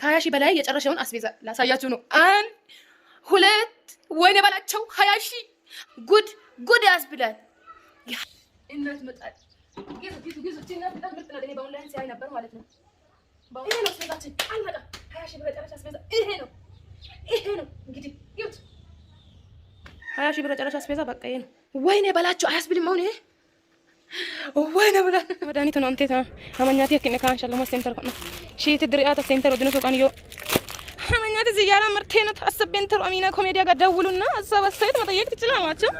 ከሀያ ሺህ በላይ የጨረሰውን አስቤዛ ላሳያችሁ ነው። አንድ ሁለት፣ ወይኔ በላቸው ሀያ ሺህ ጉድ ጉድ ያስብላል። እናት መጣል ሀያ ሺህ ብር የጨረሰ አስቤዛ በቃ ይሄ ነው። ወይኔ በላቸው አያስብልም አሁን ይሄ ወይኔ በላ መድኃኒቱን አምቴታ አመኛቴ ክነካንሻለሁ ማስተምተር ነው ሺት ድርያት ሴንተር ወድነቱ ቀንዮ ሀመኛት እዚህ ጋር ምርቴ ነው ታሰቤንተሩ አሚና ኮሜዲያ ጋር ደውሉና ሀሳብ አስተያየት መጠየቅ ትችላላችሁ።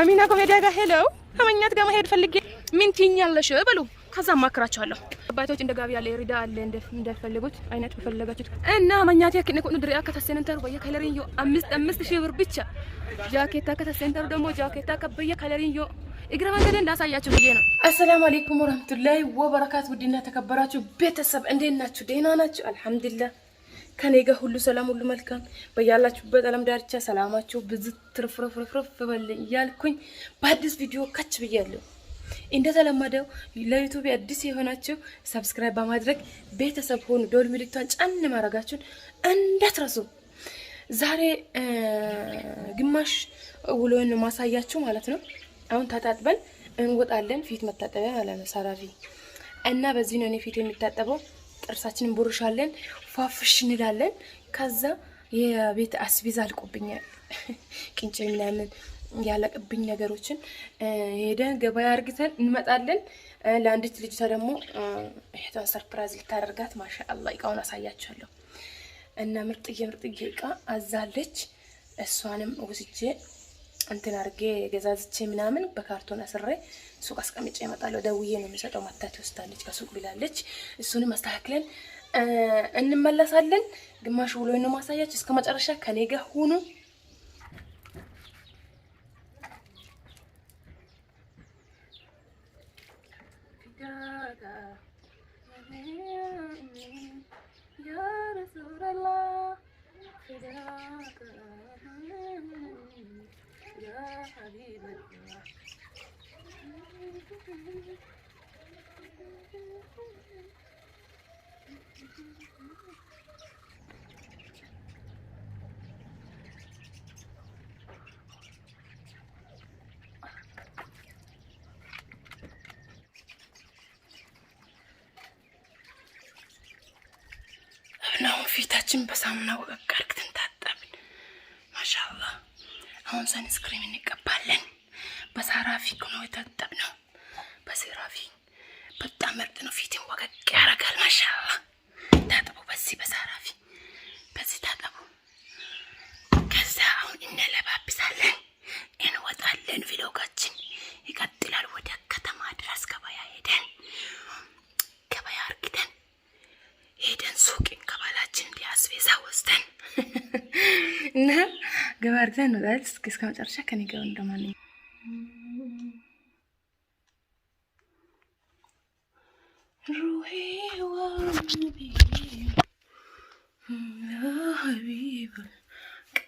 አሚና ኮሜዲያ ጋር ሄለው ሀመኛት ጋር መሄድ ፈልጌ ምን ትይኛለሽ በሉ። ከዛ ማክራቸዋለሁ። አባቶች እንደ ጋቢ ያለ ሪዳ አለ እንደፈልጉት አይነት በፈለጋችሁት እና ማኛት ያክነ ቁኑ ድሪያ ከተሰንተሩ በየ ከለሪን ዮ አምስት አምስት ሺህ ብር ብቻ ጃኬታ ከተሰንተሩ ደግሞ ጃኬታ ከበየ ከለሪን ዮ እግረ መንገድ እንዳሳያችሁ ብዬ ነው። አሰላሙ አሌይኩም ወረህመቱላሂ ወበረካቱ። ውድና ተከበራችሁ ቤተሰብ እንዴት ናችሁ? ደህና ናችሁ? አልሐምዱሊላህ ከኔ ጋር ሁሉ ሰላም፣ ሁሉ መልካም። በያላችሁበት አለም ዳርቻ ሰላማችሁ ብዙ ትርፍርፍርፍ በልኝ እያልኩኝ በአዲስ ቪዲዮ ከች ብያለሁ። እንደተለመደው ለዩቱብ አዲስ የሆናችሁ ሰብስክራይብ በማድረግ ቤተሰብ ሆኑ፣ ደወል ምልክቷን ጫን ማድረጋችሁን እንዳትረሱ። ዛሬ ግማሽ ውሎን ማሳያችሁ ማለት ነው አሁን ተጣጥበን እንወጣለን። ፊት መታጠቢያ ማለት ነው ሰራፊ እና በዚህ ነው እኔ ፊት የሚታጠበው። ጥርሳችንን ቦርሻለን፣ ፏፍሽ እንላለን። ከዛ የቤት አስቤዛ አልቆብኛል፣ ቅንጭ ምናምን ያለቅብኝ ነገሮችን ሄደን ገበያ አርግተን እንመጣለን። ለአንዲት ልጅቷ ደግሞ እህቷን ሰርፕራይዝ ልታደርጋት ማሻአላ እቃውን አሳያችኋለሁ። እና ምርጥዬ ምርጥዬ እቃ አዛለች። እሷንም ወስጄ እንትን አርጌ ገዛዝቼ ምናምን በካርቶን አስሬ ሱቅ አስቀምጬ እመጣለሁ። ደውዬ ነው የሚሰጠው። መታት ይወስዳለች ከሱቅ ብላለች። እሱንም አስተካክለን እንመለሳለን። ግማሽ ውሎ ነው ማሳያች። እስከ መጨረሻ ከኔ ጋር ሁኑ። يا حبيب ፊታችን በሳሙና ወቀቅ አሁን ሰንስክሪን እንቀባለን። በሳራፊክ ነው የታጠብነው። በሴራፊክ በጣም ምርጥ ነው። ፊትን ወገግ ያደርጋል። ማሻአላህ ገባ አድርገን እንወጣለን። እስኪ እስከ መጨረሻ ከኔ ጋር እንደማንኛውም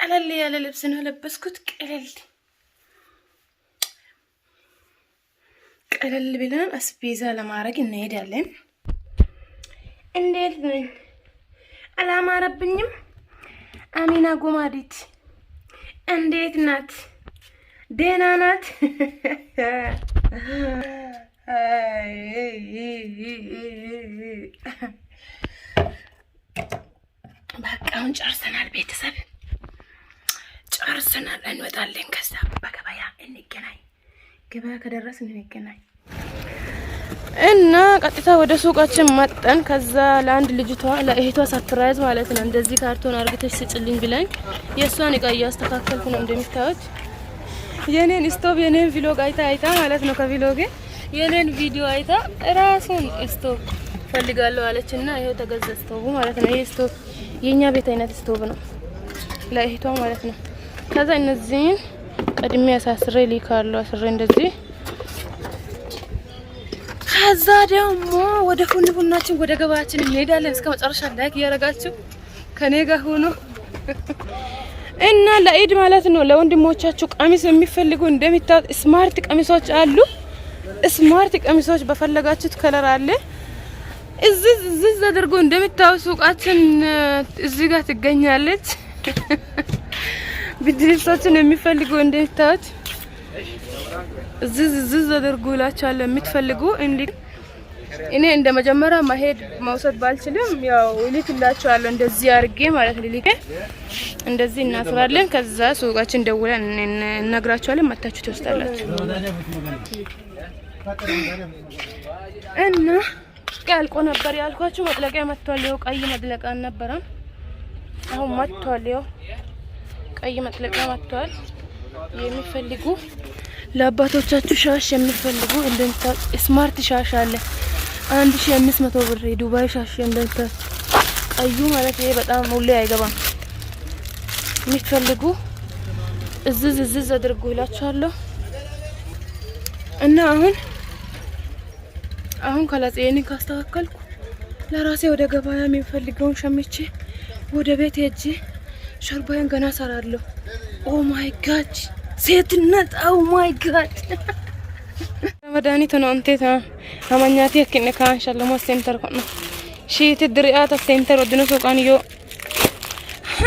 ቀለል ያለ ልብስ ነው ለበስኩት። ቀለል ቀለል ብለን አስቤዛ ለማድረግ እንሄዳለን። እንዴት ነኝ? አላማረብኝም። አሚና ጎማዴት እንዴት ናት? ደህና ናት? በቃ አሁን ጨርሰናል። ቤተሰብ ጨርሰናል። እንወጣለን። ከዛ በገበያ እንገናኝ። ገበያ ከደረስን እንገናኝ። እና ቀጥታ ወደ ሱቃችን መጠን ከዛ ለአንድ ልጅቷ ለእህቷ ሰርፕራይዝ ማለት ነው። እንደዚህ ካርቶን አርግተሽ ስጭልኝ ብላኝ የእሷን እቃ እያስተካከልኩ ነው እንደሚታወች የኔን ስቶቭ የኔን ቪሎግ አይታ አይታ ማለት ነው ከቪሎጌ የኔን ቪዲዮ አይታ ራሱን ስቶቭ ፈልጋለሁ አለች እና ይሄው ተገዛ ስቶቭ ማለት ነው። ይሄ ስቶቭ የኛ ቤት አይነት ስቶቭ ነው ለእህቷ ማለት ነው። ከዛ እነዚህን ቀድሜ አሳስሬ ልካለሁ አስሬ እንደዚህ ከዛ ደግሞ ወደ ፉን ቡናችን ወደ ገበያችን እንሄዳለን። እስከ መጨረሻ ላይክ እያደረጋችሁ ከኔ ጋር ሆኖ እና ለኢድ ማለት ነው ለወንድሞቻችሁ ቀሚስ የሚፈልጉ እንደሚታወቅ ስማርት ቀሚሶች አሉ። ስማርት ቀሚሶች በፈለጋችሁት ከለር አለ። እዝዝ እዚህ አድርጎ እንደሚታወቅ ሱቃችን እዚህ ጋር ትገኛለች። ብድርሶችን የሚፈልጉ እንደሚታወቅ ዝዝ ዝዝ አድርጉ ይላችኋል። የምትፈልጉ እንዲህ እኔ እንደ መጀመሪያ መሄድ መውሰድ ባልችልም ያው እልክላችኋለሁ፣ እንደዚህ አድርጌ ማለት ነው። ልኬ እንደዚህ እናስራለን። ከዛ ሱቃችን ደውለን እነግራችኋለን። መታችሁ ትወስዳላችሁ እና ያልቆ ነበር ያልኳችሁ። መጥለቂያ መጥቷል። ይኸው ቀይ መጥለቂያ አልነበረም፣ አሁን መጥቷል። ይኸው ቀይ መጥለቂያ መጥቷል። የሚፈልጉ ለአባቶቻችሁ ሻሽ የምትፈልጉ እንደምታ ስማርት ሻሽ አለ። አንድ ሺ አምስት መቶ ብር የዱባይ ሻሽ እንደምታ ቀዩ ማለት ይሄ በጣም ሁሌ አይገባም። የምትፈልጉ እዝዝ እዝዝ አድርጉ ይላችኋለሁ። እና አሁን አሁን ከላጼኒ ካስተካከልኩ ለራሴ ወደ ገበያ የሚፈልገውን ሸምቼ ወደ ቤት ሄጄ ሸርባዬን ገና ሰራለሁ። ኦ ማይ ጋድ ሴትነት ኦ ማይ ጋድ መድኃኒቱ ነው እንቴታ አማኛቴ ያክነ ካንሻለሞ ሴንተር ኮነ ሺት ድሪአት ሴንተር ወድኖ ሶቃንዮ ዮ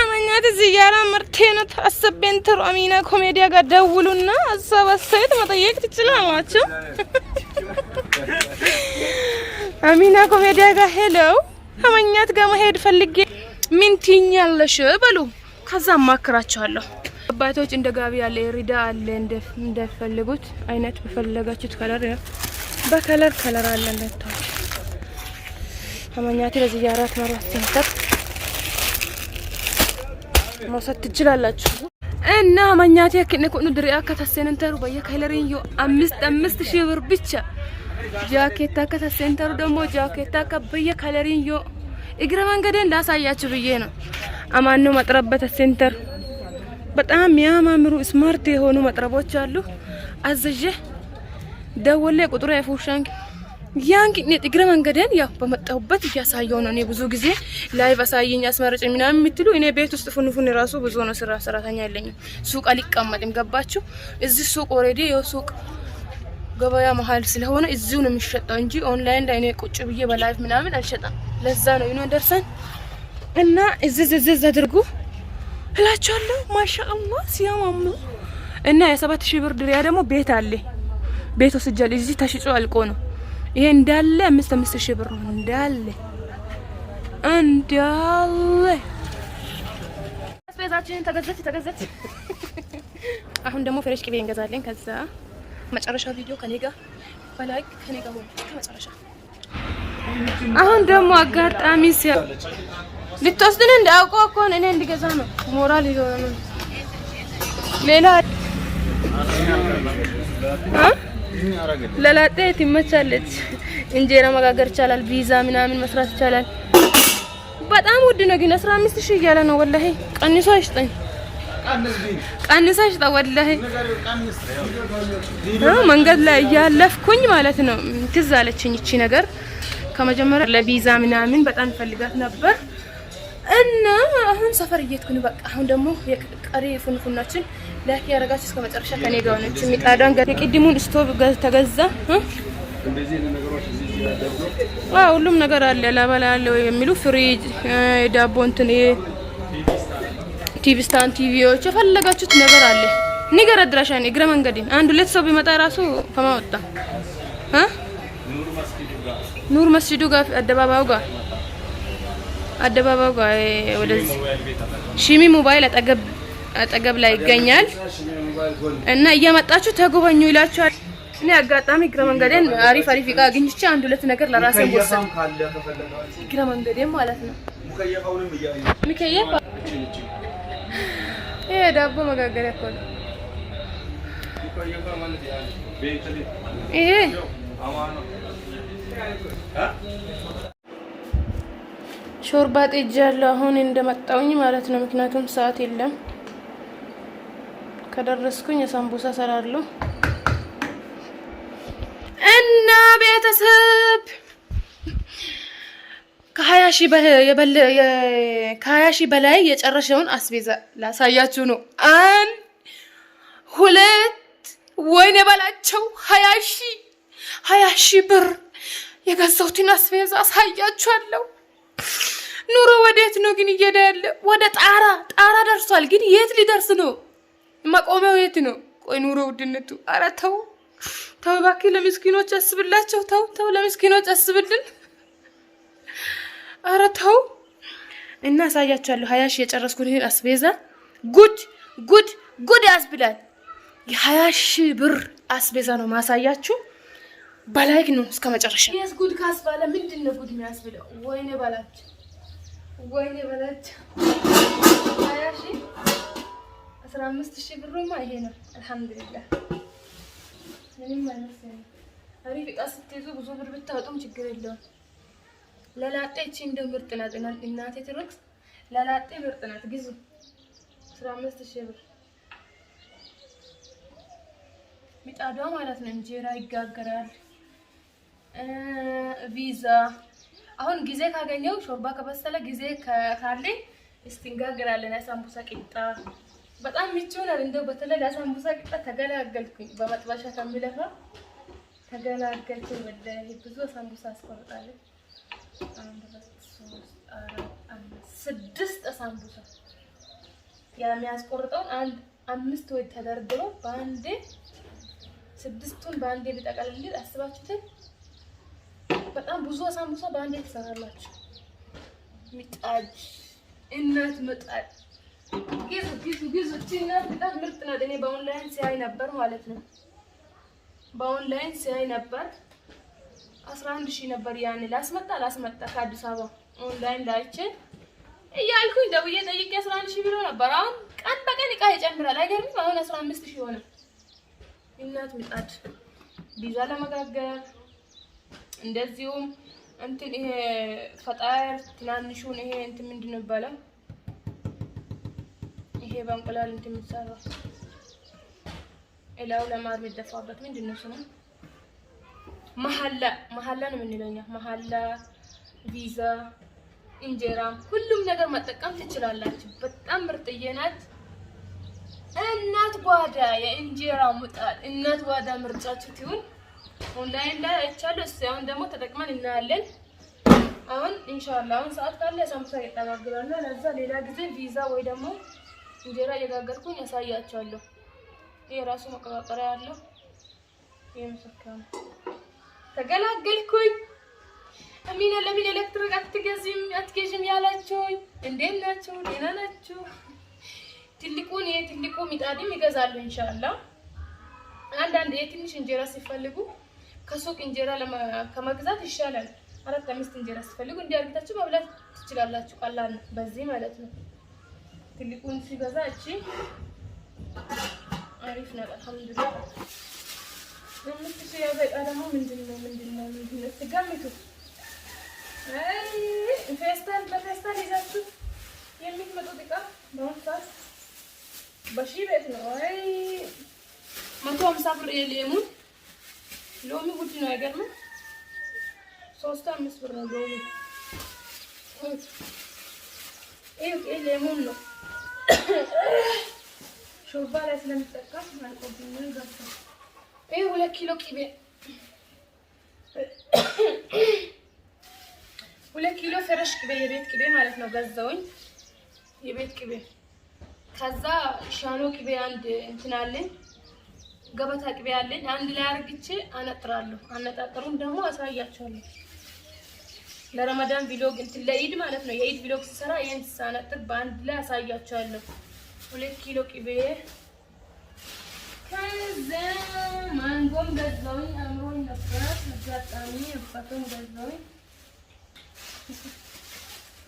አማኛቴ ዝያራ ምርቴ ነው ታሰቤንተሩ አሚና ኮሜዲያ ጋር ደውሉና ሀሳብ አስተያየት መጠየቅ ትችላላችሁ። አሚና ኮሜዲያ ጋር ሄሎ አማኛት ጋር መሄድ ፈልጌ ምን ትኛለሽ በሉ፣ ከዛ አማክራችኋለሁ። አባቶች እንደ ጋቢ ያለ ሪዳ አለ እንደፈልጉት አይነት በፈለጋችሁት ከለር በከለር ከለር አለ እንደታች ለዚህ አራት መራት ሲንጠቅ መውሰድ ትችላላችሁ። እና አመኛቴ ክን ኩኑ ድሪያ ከተሴንተሩ በየከለሪን ዩ አምስት አምስት ሺህ ብር ብቻ ጃኬታ ከተሴንተሩ ደግሞ ጃኬታ ከበየከለሪን ዩ እግረ መንገዴን ላሳያችሁ ብዬ ነው። አማኑ መጥረበት ሴንተር በጣም የሚያማምሩ ስማርት የሆኑ መጥረቦች አሉ። አዘዤ ደወሌ ቁጥሩ ያንኪ ኔ እግረ መንገደን ያው በመጣሁበት እያሳየው ነው። እኔ ብዙ ጊዜ ላይቭ አሳየኝ አስመረጭ ምናምን የምትሉ እኔ ቤት ውስጥ ፉንፉን ራሱ ብዙ ነው። ስራ ሰራተኛ የለኝም። ሱቅ አልቀመጥም። ገባችሁ? እዚህ ሱቅ ኦልሬዲ ያው ሱቅ ገበያ መሀል ስለሆነ እዚሁ ነው የሚሸጠው እንጂ ኦንላይን ላይ እኔ ቁጭ ብዬ በላይቭ ምናምን አልሸጣም። ለዛ ነው ይኖ ደርሰን እና እዝዝ እዝዝ አድርጉ እላቸዋለሁ። ማሻአላ ሲያማሙ እና የሰባት ሺህ ብር ድሪያ ደግሞ ቤት አለ ቤት ወስጃለሁ። እዚህ ተሽጮ አልቆ ነው ይሄ እንዳለ አምስት አምስት ሺህ ብር ነው እንዳለ እንዳለ አስቤዛችንን ተገዛች ተገዛች። አሁን ደግሞ ፍሬሽ ቅቤ እንገዛለን። ከዛ መጨረሻ ቪዲዮ ከኔ ጋር በላይ ከኔ ጋር ሆኖ መጨረሻ አሁን ደግሞ አጋጣሚ ሲያ ልትወስድን እንዳያውቀው እኮ እኔ እንድገዛ ነው ሞራል ነው። ሌላ ለላጤ ትመቻለች። እንጀራ መጋገር ይቻላል። ቪዛ ምናምን መስራት ይቻላል። በጣም ውድ ነው ግን አስራ ሺህ እያለ ነው። ወላሂ ቀንሶ አይሽጠኝ፣ ወላሂ መንገድ ላይ እያለፍኩኝ ማለት ነው ትዝ አለችኝ ይቺ ነገር ከመጀመሪያ ለቪዛ ምናምን በጣም ፈልጋት ነበር። እና አሁን ሰፈር እየሄድኩ ነው። በቃ አሁን ደግሞ የቀሪ ፉንፉናችን ላኪ ያደረጋችሁ እስከ መጨረሻ ከኔ ጋር ሆነች። የሚጣዳን የቅድሙን ስቶቭ ተገዛ። ሁሉም ነገር አለ። ላበላ ያለው የሚሉ ፍሪጅ፣ ዳቦ እንትን፣ ቲቪ ስታንድ፣ ቲቪዎች የፈለጋችሁት ነገር አለ። ንገር አድራሻን እግረ መንገድ አንድ ሁለት ሰው ቢመጣ ራሱ ከማወጣ ኑር መስጂዱ ጋር አደባባዩ ጋር አደባባዩ ጋር ወደዚህ ሺሚ ሞባይል አጠገብ አጠገብ ላይ ይገኛል እና እየመጣችሁ ተጎበኙ ይላችኋል። እኔ አጋጣሚ እግረ መንገዴን አሪፍ አሪፍ እቃ አግኝቼ አንድ ሁለት ነገር ለራሴ ወሰን እግረ መንገዴን ማለት ነው። ሚከየፍ ይሄ ዳቦ መጋገሪያ እኮ ነው። ይሄ ሾርባ ጥጃ ያለው አሁን እንደመጣውኝ ማለት ነው። ምክንያቱም ሰዓት የለም። ከደረስኩኝ የሳምቡሳ ሰራለሁ እና ቤተሰብ ከሀያ ሺህ በላይ የጨረሰውን አስቤዛ ላሳያችሁ ነው። አንድ ሁለት ወይን የበላቸው ሀያ ሺህ ሀያ ሺህ ብር የገዛሁትን አስቤዛ አሳያችኋለሁ። ኑሮ ወዴት ነው ግን እየሄደ ያለ? ወደ ጣራ ጣራ ደርሷል። ግን የት ሊደርስ ነው? መቆሚያው የት ነው? ቆይ ኑሮ ውድነቱ! አረ ተው ተው እባክህ፣ ለምስኪኖች አስብላቸው። ተው ተው፣ ለምስኪኖች አስብልን። አረ ተው እና አሳያችኋለሁ። ሀያ ሺህ የጨረስኩት ይህን አስቤዛ ጉድ ጉድ ጉድ ያስብላል። የሀያ ሺህ ብር አስቤዛ ነው ማሳያችሁ። በላይክ ነው እስከ መጨረሻ። ጉድ ካስባለ ምንድን ነው ጉድ የሚያስብለው? ወይኔ ባላቸው ወይኔ በላቸው። ሀያ ሺህ አስራ አምስት ሺህ ብሩማ ይሄ ነው። አልሐምዱሊላህ ምንም አይመስለኝም። አሪፍ ዕቃ ስትይዙ ብዙ ብር ብታወጡም ችግር የለውም። ለላጤ ይቺ እንደው ምርጥ ናት እናቴ ትርክስ ለላጤ ምርጥ ናት። ግዙ አስራ አምስት ሺህ ብር ሚጣዷ ማለት ነው። እንጀራ ይጋገራል ቪዛ አሁን ጊዜ ካገኘው ሾርባ ከበሰለ ጊዜ ካለኝ እስቲ እንጋግራለን። የሳምቡሳ ቂጣ በጣም ምቹ ነው። እንደው በተለይ ለሳምቡሳ ቂጣ ተገላገልኩኝ። በመጥበሻ ከሚለፋ ተገላገልኩኝ። ወደ ብዙ ሳምቡሳ አስቆርጣለች። ስድስት ሳምቡሳ የሚያስቆርጠውን አንድ አምስት ወይ ተደርድሮ በአንዴ ስድስቱን በአንዴ ቢጠቀልል አስባችሁትን በጣም ብዙ ሳምቡሳ በአንድ የተሰራላችሁ ምጣድ እናት ምጣድ ግዙ ግዙ ግዙ። እናት ምጣድ ምርጥ ናት። እኔ በኦንላይን ሲያይ ነበር ማለት ነው። በኦንላይን ሲያይ ነበር 11 ሺህ ነበር ያኔ። ላስመጣ ላስመጣ ከአዲስ አበባ ኦንላይን ላይቼ እያልኩኝ ደውዬ ጠይቄ 11 ሺህ ብሎ ነበር። አሁን ቀን በቀን እቃ ይጨምራል አይገርምም። አሁን አስራ አምስት ሺህ ሆነ። እናት ምጣድ ቢዛ ለመጋገር እንደዚሁም እንትን ይሄ ፈጣር ትናንሹን ይሄ እንትን ምንድን ነው ይባላል? ይሄ በእንቁላል እንትን የሚሰራው እላው ለማር የሚደፋበት ምንድን ነው ስሙ? መሀላ መሀላ ነው የምንለው መሀላ ቪዛ፣ እንጀራ ሁሉም ነገር መጠቀም ትችላላችሁ። በጣም ምርጥዬ ናት። እናት ጓዳ የእንጀራ ሙጣል እናት ጓዳ ምርጫችሁ ትሁን። ኦንላይን ላይ አይቻለሁ። እስኪ አሁን ደግሞ ተጠቅመን እናያለን። አሁን ኢንሻአላህ አሁን ሰዓት ካለ ሳምቡሳ እየጠጋግራለሁ። ለዛ ሌላ ጊዜ ቪዛ ወይ ደግሞ እንጀራ እየጋገርኩኝ ያሳያቸዋለሁ። ይሄ ራሱ መቆጣጠሪያ ያለው ይሄ ምስክር ነው። ተገላገልኩኝ። አሚና ለምን ኤሌክትሪክ አትገዚም አትገዥም ያላችሁኝ፣ እንዴት ናችሁ? ደህና ናችሁ? ትልቁን ይሄ ትልቁ ምጣድም ይገዛሉ ኢንሻአላህ። አንዳንድ የትንሽ እንጀራ ሲፈልጉ ከሱቅ እንጀራ ከመግዛት ይሻላል። አራት አምስት እንጀራ ስፈልጉ እንዲህ አድርጋችሁ መብላት ትችላላችሁ። ቀላል ነው፣ በዚህ ማለት ነው። ትልቁን ሲበዛ እቺ አሪፍ ነው። አልሐምዱሊላህ ደግሞ ምንድን ነው ምንድን ነው ምንድን ነው ትገምቱ። ፌስታል በፌስታል ይዛችሁ የምትመጡት ዕቃ በአሁኑ ሰዓት በሺህ ቤት ነው። አይ መቶ ሀምሳ ብር የሌሙን ሎሚ ውድ ነው አይገርምም? ሶስት አምስት ብር ነው ሎሚ። ይሄ ሌሞን ነው ሾርባ ላይ ስለምጠቀም አልቆብኝ ገብቷል። ይሄ ሁለት ኪሎ ቂቤ ሁለት ኪሎ ፍረሽ ቅቤ የቤት ቅቤ ማለት ነው ገዛውኝ። የቤት ቅቤ ከዛ ሻኖ ቅቤ አንድ እንትን አለኝ ገበታ ቅቤ ያለኝ አንድ ላይ አርግቼ አነጥራለሁ። አነጣጠሩም ደግሞ አሳያቸዋለሁ። ለረመዳን ቪሎግ እንትን ለኢድ ማለት ነው። የኢድ ቪሎግ ስሰራ ይህን ሳነጥር በአንድ ላይ አሳያቸዋለሁ። ሁለት ኪሎ ቅቤ ከዛ ማንጎም ገዛውኝ አምሮኝ ነበር አጋጣሚ አባቶም ገዛሁኝ።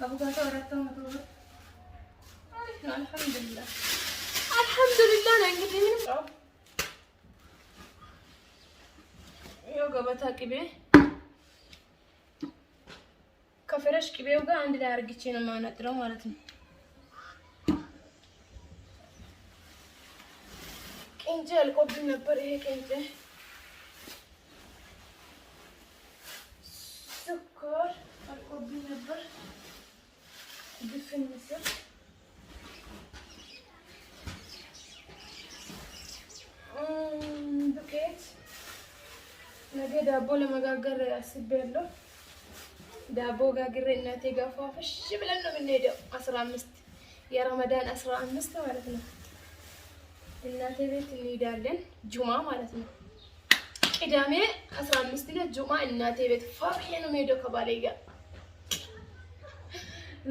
አቡጋቶ አራት መቶ ብር አልሐምዱሊላህ አልሐምዱሊላህ ነው እንግዲህ ምንም yoga batakibi ከፍረሽቂ ቤው ጋር አንድ ላይ አርግቼ ነው የማነጥረው ማለት ነው። ቅንጬ አልቆብኝ ነበር ይሄ ቅንጬ ለመጋገር አስቤያለሁ። ዳቦ ጋግሬ እናቴ ገፋፈሽ ብለን ነው የምንሄደው። አስራ አምስት የረመዳን አስራ አምስት ማለት ነው። እናቴ ቤት እንሄዳለን ጁማ ማለት ነው። ቅዳሜ አስራ አምስት ነው ጁማ እናቴ ቤት ፋብዬ ነው የምሄደው ከባሌ ጋር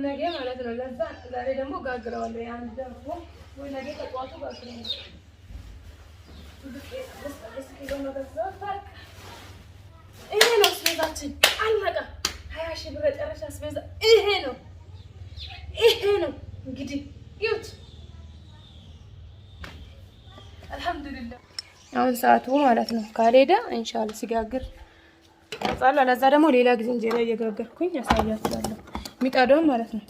ነገ ማለት ነው። ለዛ ዛሬ ደግሞ ጋግረዋለሁ። ያን ዳቦ ወይ ነገ ተቋቱ ጋግረዋለሁ። ይሄ ነው አስቤዛችን። አለቀ። ሀያ ሺህ ብር የጨረሻ አስቤዛ ይሄ ነው። ይሄ ነው እንግዲህ ይሁት። አልሐምዱሊላህ አሁን ሰዓቱ ማለት ነው። ካልሄደ ኢንሻአላህ ሲጋግር ቀርጻለሁ። ለዛ ደግሞ ሌላ ጊዜ እንጀራ እየጋገርኩኝ ያሳያችኋለሁ። ሚጣዳውን ማለት ነው።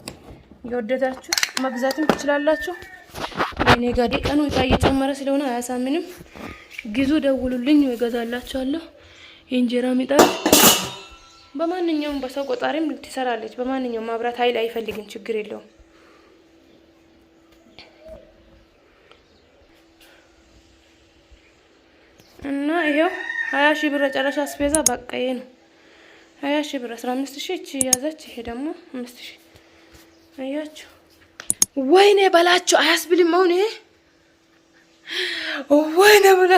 የወደዳችሁ መግዛትም ትችላላችሁ። የኔ ጋዴ ቀኑ እየጨመረ ስለሆነ አያሳምንም። ግዙ፣ ደውሉልኝ፣ እገዛላችኋለሁ። የእንጀራ ምጣድ በማንኛውም በሰው ቆጣሪም ትሰራለች። በማንኛውም ማብራት ኃይል አይፈልግም፣ ችግር የለውም። እና ይሄው ሀያ ሺህ ብር ጨረሻ አስቤዛ በቃዬ ነው። ሀያ ሺህ ብር አስራ አምስት ሺህ እቺ ያዘች። ይሄ ደግሞ አምስት ሺህ አያችሁ፣ ወይኔ በላችሁ አያስብልም። አሁን ይሄ ወይኔ ብላ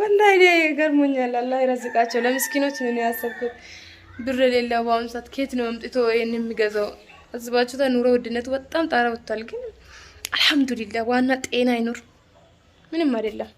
ወላሂ እኔ ገርሞኛል። አላህ ይረዝቃቸው ለምስኪኖች ነው ያሰብኩት። ብር የሌለው በአሁኑ ሰዓት ከየት ነው አምጥቶ ይሄን የሚገዛው? አስባችሁታ ኑሮ ውድነቱ በጣም ጣራ ወጥቷል። ግን አልሐምዱሊላህ ዋና ጤና አይኑር ምንም አይደለም።